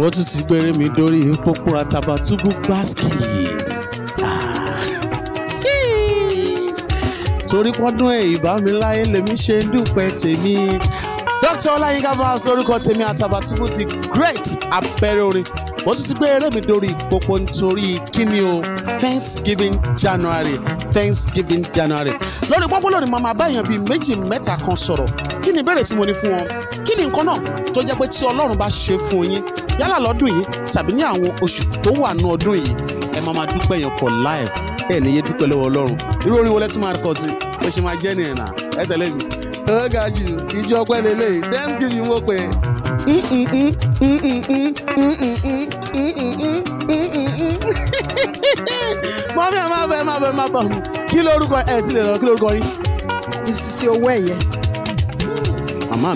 wọ́n tún ti gbére mi dórí pópó Àtàbàtúbú gbáskì ah. torí pọ́dún ẹ̀ ìbámiláyé lèmi ṣe ń dúpẹ́ tèmi Dr. Ọláyínká Báàs lórúkọ tèmi Àtàbàtúbú the great abẹ́rẹ́ orin wọ́n tún ti gbé eré mi dórí pópó nítorí kíni o Thanksgiving January Thanksgiving January lórí pópó lórí màmá báyọ̀ bíi méjì mẹ́ta kan sọ̀rọ̀ kí ni ìbéèrè tí mo ní fún wọn kí nǹkan náà tó jẹ́ pé tí Ọlọ́run bá ṣe fún yín yálà lọ́dún yìí tàbí ní àwọn oṣù tó wà nù ọdún yìí ẹ máa máa dúpẹ́ yẹn for life ẹ níye dúpẹ́ lọ́wọ́ ọlọ́run irú orin wo lẹ́tí máa kọ sí bó ṣe máa jẹ́ nìyẹn náà ẹ tẹ̀lé mi. ó ga jù ìjọ ọpẹ́ lélẹ̀ thanksgiving pé. ẹ má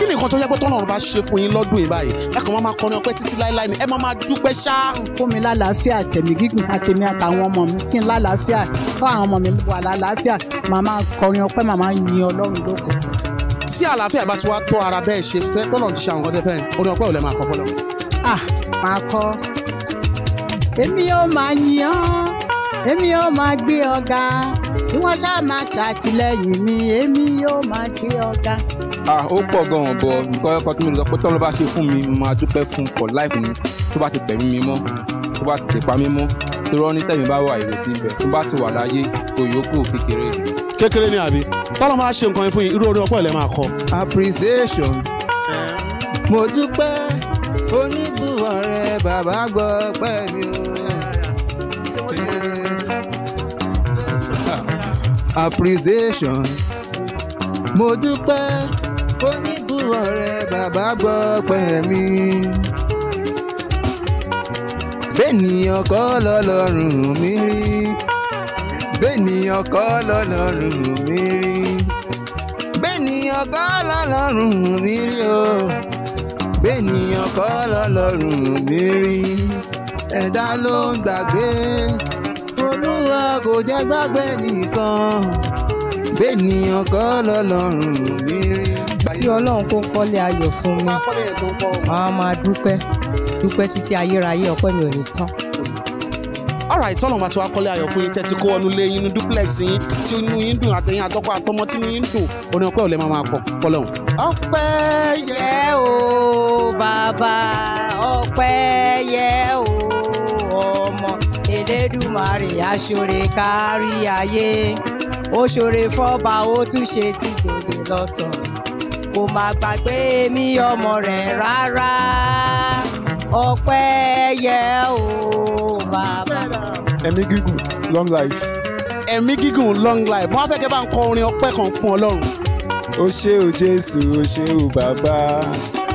kí ni nǹkan tó yẹ pé tọ́lọ́run bá ṣe fún yín lọ́dún yìí báyìí ẹ kàn máa máa kọrin ọpẹ́ títí láéláé ni ẹ máa máa dúpẹ́ ṣá. fún mi lálàáfíà tẹ̀mí gígùn àtẹ̀mí àtàwọn ọmọ mi kí n lálàáfíà kọ́ àwọn ọmọ mi wà lálàáfíà màmá kọrin ọpẹ́ màmá yin ọlọ́run lóko. tí àlàáfíà bá ti wá tó ara bẹ́ẹ̀ ṣe fẹ́ tọ́lọ́run ti ṣe àwọn kọ́tẹ́fẹ́ ah máa kọ́ èmi yóò máa yan èmi kí wọ́n ṣáà máa ṣàtìlẹ́yìn mi èmi yóò máa kí ọ̀gá. ó pọ̀ gan-an bọ̀ nǹkan ẹ̀kọ́ tó ń lọ pé tọ́lọ́ bá ṣe fún mi máa dúpẹ́ fún for life mi tó bá ti gbẹ̀mí mi mọ́ tó bá ti tẹ̀pa mi mọ́ tó rọ́ ní tẹ̀mí bá wà ìrètí bẹ̀ tó bá ti wà láyé òyòkù kékeré. kékeré ni àbí tọ́lọ́ máa ṣe nǹkan fún irú orí ọpọ́ ilẹ̀ máa kọ. appreciation mo dúpẹ́ oníbùwọ̀ rẹ bàbá gbọ́ pẹ́ appreciation. mo dúpẹ́ oníbù ọ̀rẹ́ bàbá gbọ́ pẹ́ mi. bẹ́ẹ̀nìyàn kọ́ lọ́lọ́run mi rí bẹ́ẹ̀nìyàn kọ́ lọ́lọ́run mi rí bẹ́ẹ̀nìyàn kọ́ lọ́lọ́run mi rí o bẹ́ẹ̀nìyàn kọ́ lọ́lọ́run mi rí ẹ̀dá ló ń gbàgbé irọ́ kò jẹ́ gbàgbé nìkan bẹ́ẹ̀nìyàn kọ́ lọ́lọ́run mi rí. kí ọlọ́run kó kọ́lé ayọ̀ fún mi màá máa dúpẹ́ dúpẹ́ títí ayérayé ọpẹ́ mi ò ní tán alright tọ́lọ̀ máa ti wá kọ́lé ayọ̀ fún yín tẹ́tí kó ọnu lé yín duplex yín tí inú yín dùn àtẹ̀yìn àtọ́kọ àtọmọ tí inú yín dùn orin ọpẹ́ òlẹ́ máa máa kọ kọ́lẹ̀ ọ̀hún. ọpẹ́ yẹ o bàbá ọpẹ́ yẹ o elédùmarè aṣọre kárí ayé ó fọba ó tún ṣe ti gbèrè lọ́tọ̀ kò má gbàgbé mi ọmọ rẹ̀ rárá ọpẹ́ yẹ o bàbá. ẹ̀mí gígùn long life. ẹ̀mí gígùn long life mo wá fẹ́ kẹ́ bá ń kọ orin ọpẹ́ kan fún ọlọ́run. ó ṣé o jésù ó ṣé o bàbá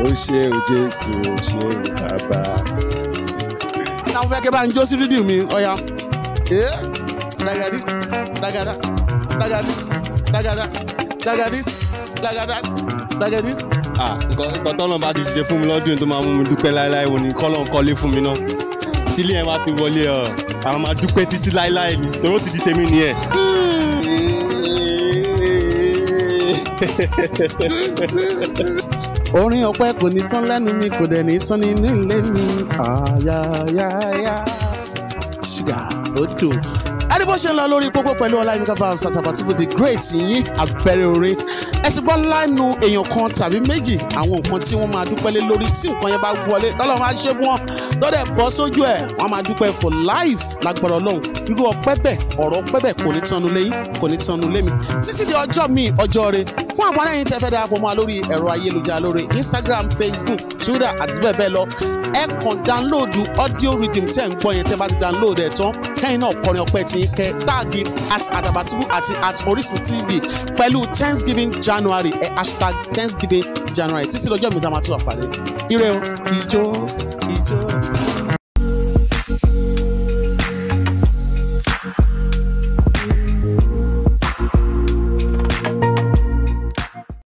ó ṣé o jésù ó ṣé o bàbá náà mo fẹ́ kí bá ń jó sí rídìí mi ọ̀ya ee dagadis dagada dagadis dagada dagadis dagada dagadis. nǹkan tọ́lọ́ bá ti ṣe fún mi lọ́dún tó máa mú mi dúpẹ́ láéláé wo ni kọ́lọ́ ń kọ́lé fún mi náà tílé yẹn wá ti wọlé àwọn máa dúpẹ́ títí láéláé ni tòró ti di tèmi nìyẹn. orin ọpẹ́ kò ní tán lẹ́nu mi kò dẹ̀ ní tán nínú ilé mi ayayaya ṣùgbọ́n ó ẹni bó ṣe ń lọ lórí pópó pẹ̀lú Ọláyínká Babs Àtàbàtúbú the great yìí abẹ́rẹ́ orin ẹ ti gbọ́ èèyàn kan tàbí méjì àwọn nǹkan tí wọ́n máa dúpẹ́ lé lórí tí nǹkan yẹn bá wọlé tọ́lọ́run á ṣe fún wọn bọ́ sójú ẹ̀ wọ́n máa dúpẹ́ for life lágbára Ọlọ́run irú ọpẹ́ bẹ̀ ọ̀rọ̀ ọpẹ́ bẹ̀ kò ní tanu lé yín kò ní tanu lé mi títí di ọjọ́ mi ọjọ́ re fún àwọn aráyìn tẹ́ fẹ́ darapọ̀ mọ́ lórí ẹ̀rọ ayélujára lórí Instagram Facebook Twitter àti bẹ́ẹ̀ bẹ́ẹ̀ lọ ẹ kàn dáńlóòdù audio rhythm tẹ́ ń gbọ́ yẹn tẹ́ bá ti dáńlóòdù ẹ̀ tán kẹ́yìn náà kọrin ọpẹ́ tiyín kẹ táàgì at àdàbàtúbù àti at orísun tv pẹ̀lú thanksgiving january ẹ eh, hashtag thanksgiving january títí lọ́jọ́ mi dá máa tún wà pàdé ire o ìjó ìjó.